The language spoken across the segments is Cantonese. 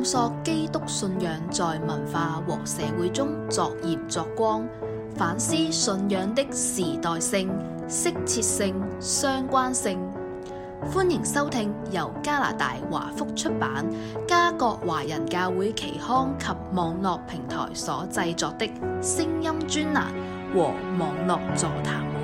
探索基督信仰在文化和社會中作鹽作光，反思信仰的時代性、適切性、相關性。歡迎收聽由加拿大華福出版、加國華人教會期刊及網絡平台所製作的聲音專欄和網絡座談。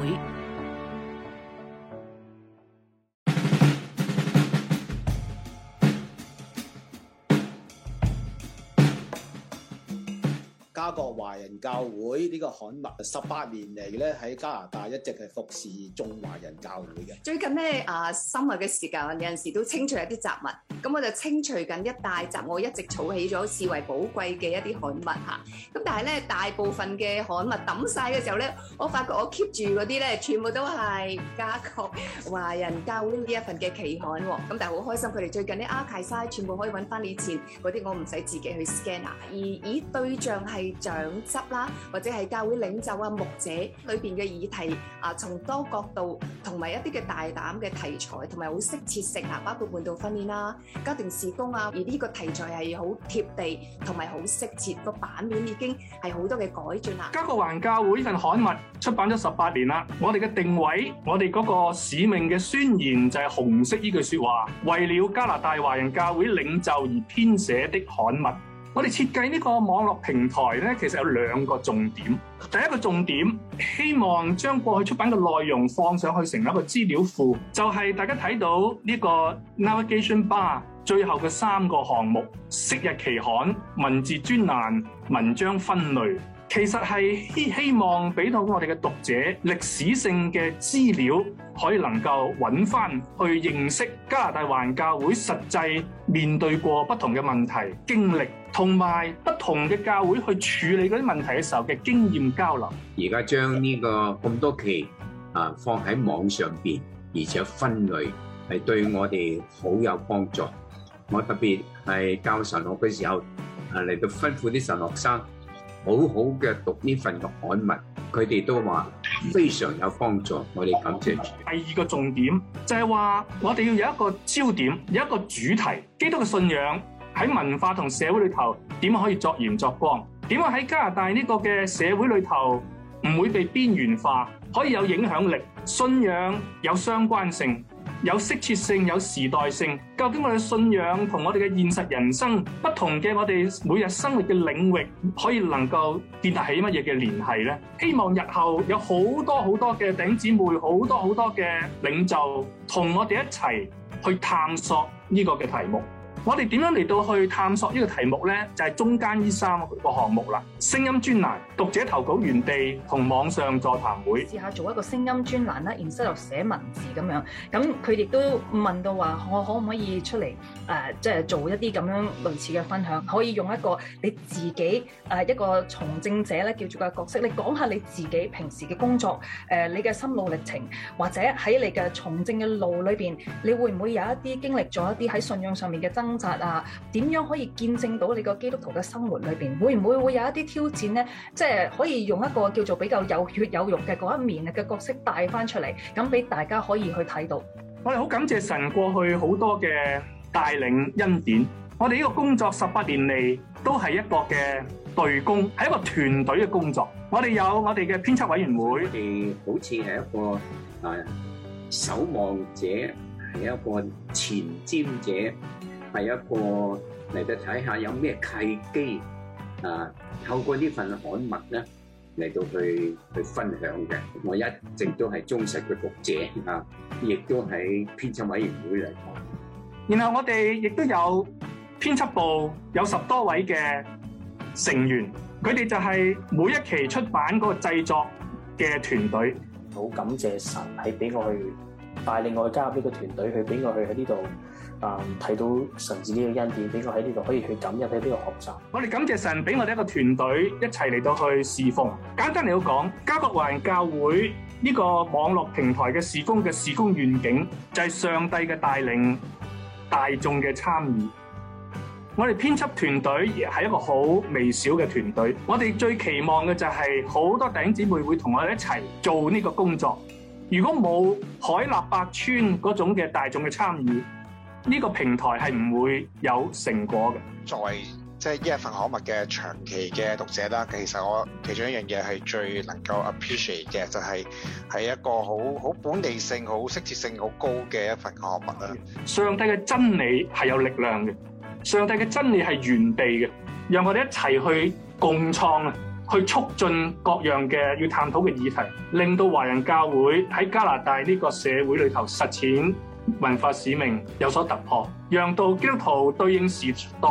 加國華人教會呢個刊物十八年嚟咧，喺加拿大一直係服侍中華人教會嘅。最近咧啊，深入嘅時間有陣時都清除一啲雜物，咁我就清除緊一大集，我一直儲起咗視為寶貴嘅一啲刊物吓，咁、啊、但係咧大部分嘅刊物抌晒嘅時候咧，我發覺我 keep 住嗰啲咧全部都係加國華人教會呢一份嘅期刊喎。咁、啊、但係好開心，佢哋最近啲 archive 晒全部可以揾翻以前嗰啲，我唔使自己去 scan。而以對象係。長執啦，或者係教會領袖啊、牧者裏邊嘅議題啊，從多角度同埋一啲嘅大膽嘅題材，同埋好適切性啊，包括門徒訓練啦、家庭事工啊，而呢個題材係好貼地同埋好適切，個版面已經係好多嘅改轉啦。加國華人教會呢份刊物出版咗十八年啦，我哋嘅定位，我哋嗰個使命嘅宣言就係紅色呢句説話，為了加拿大華人教會領袖而編寫的刊物。我哋設計呢個網絡平台呢，其實有兩個重點。第一個重點，希望將過去出版嘅內容放上去，成立一個資料庫，就係、是、大家睇到呢個 navigation bar 最後嘅三個項目：昔日期刊、文字專欄、文章分類。其實係希希望俾到我哋嘅讀者歷史性嘅資料，可以能夠揾翻去認識加拿大華人教會實際面對過不同嘅問題經歷，同埋不同嘅教會去處理嗰啲問題嘅時候嘅經驗交流。而家將呢個咁多期啊放喺網上邊，而且分類係對我哋好有幫助。我特別係教神學嘅時候，啊嚟到吩咐啲神學生。好好嘅讀呢份嘅刊物，佢哋都話非常有幫助，我哋感謝。第二個重點就係話，我哋要有一個焦點，有一個主題。基督嘅信仰喺文化同社會裏頭點可以作鹽作光？點樣喺加拿大呢個嘅社會裏頭唔會被邊緣化，可以有影響力，信仰有相關性。有適切性，有時代性。究竟我哋信仰同我哋嘅現實人生不同嘅我哋每日生活嘅領域，可以能夠建立起乜嘢嘅聯繫呢？希望日後有好多好多嘅頂姊妹，好多好多嘅領袖，同我哋一齊去探索呢個嘅題目。我哋點樣嚟到去探索呢個題目咧？就係、是、中間呢三個項目啦。聲音專欄、讀者投稿園地同網上座談會。試下做一個聲音專欄啦，然之後寫文字咁樣。咁佢亦都問到話，我可唔可以出嚟誒，即係做一啲咁樣類似嘅分享？可以用一個你自己誒、呃、一個從政者咧，叫做個角色，你講下你自己平時嘅工作，誒、呃、你嘅心路歷程，或者喺你嘅從政嘅路裏邊，你會唔會有一啲經歷咗一啲喺信仰上面嘅爭。扎啊！點樣可以見證到你個基督徒嘅生活裏邊，會唔會會有一啲挑戰咧？即係可以用一個叫做比較有血有肉嘅嗰一面嘅角色帶翻出嚟，咁俾大家可以去睇到。我哋好感謝神過去好多嘅帶領恩典。我哋呢個工作十八年嚟都係一個嘅隊工，係一個團隊嘅工作。我哋有我哋嘅編輯委員會，我好似係一個啊守望者，係一個前瞻者。係一個嚟到睇下有咩契機啊，透過呢份刊物咧嚟到去去分享嘅。我一直都係忠實嘅讀者啊，亦都喺編輯委員會嚟。然後我哋亦都有編輯部有十多位嘅成員，佢哋就係每一期出版嗰個製作嘅團隊。好 感謝神喺俾我去帶領我去加入呢個團隊，去俾我去喺呢度。啊！睇到神自己嘅恩典，俾我喺呢度可以去感恩，喺呢度學習。我哋感謝神俾我哋一個團隊一齊嚟到去侍奉。簡單嚟到講，加國華人教會呢個網絡平台嘅侍工嘅侍工願景就係、是、上帝嘅帶領，大眾嘅參與。我哋編輯團隊係一個好微小嘅團隊，我哋最期望嘅就係好多弟兄姊妹會同我哋一齊做呢個工作。如果冇海納百川嗰種嘅大眾嘅參與，呢個平台係唔會有成果嘅。作為即係一份刊物嘅長期嘅讀者啦，其實我其中一樣嘢係最能夠 appreciate 嘅，就係係一個好好本地性、好適切性好高嘅一份刊物啦。上帝嘅真理係有力量嘅，上帝嘅真理係源地嘅，讓我哋一齊去共創啊，去促進各樣嘅要探討嘅議題，令到華人教會喺加拿大呢個社會裏頭實踐。文化使命有所突破，讓道基督徒對應時代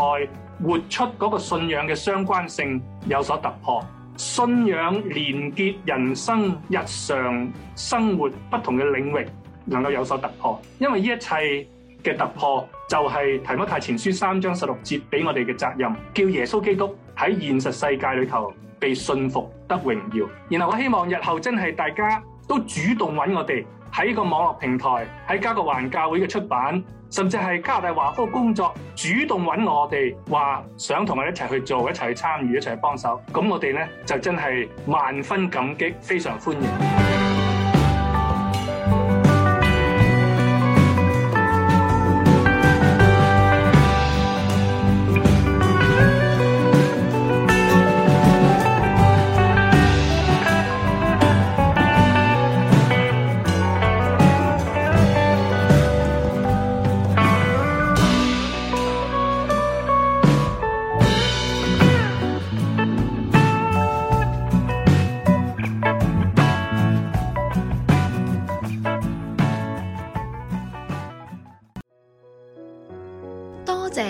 活出嗰個信仰嘅相關性有所突破，信仰連結人生日常生活不同嘅領域能夠有所突破。因為呢一切嘅突破就係提摩太前書三章十六節俾我哋嘅責任，叫耶穌基督喺現實世界裏頭被信服得榮耀。然後我希望日後真係大家都主動揾我哋。喺個網絡平台，喺加國華人教會嘅出版，甚至係加拿大華福工作主動揾我哋，話想同我哋一齊去做，一齊去參與，一齊去幫手。咁我哋呢，就真係萬分感激，非常歡迎。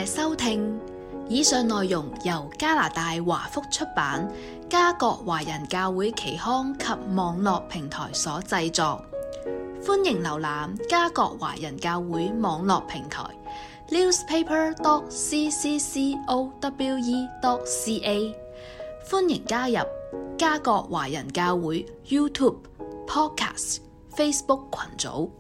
收聽以上內容由加拿大華福出版加國華人教會期刊及網絡平台所製作，歡迎瀏覽加國華人教會網絡平台 newspaper.dot.c.c.c.o.w.e.dot.c.a，歡迎加入加國華人教會 YouTube、Podcast、Facebook 群組。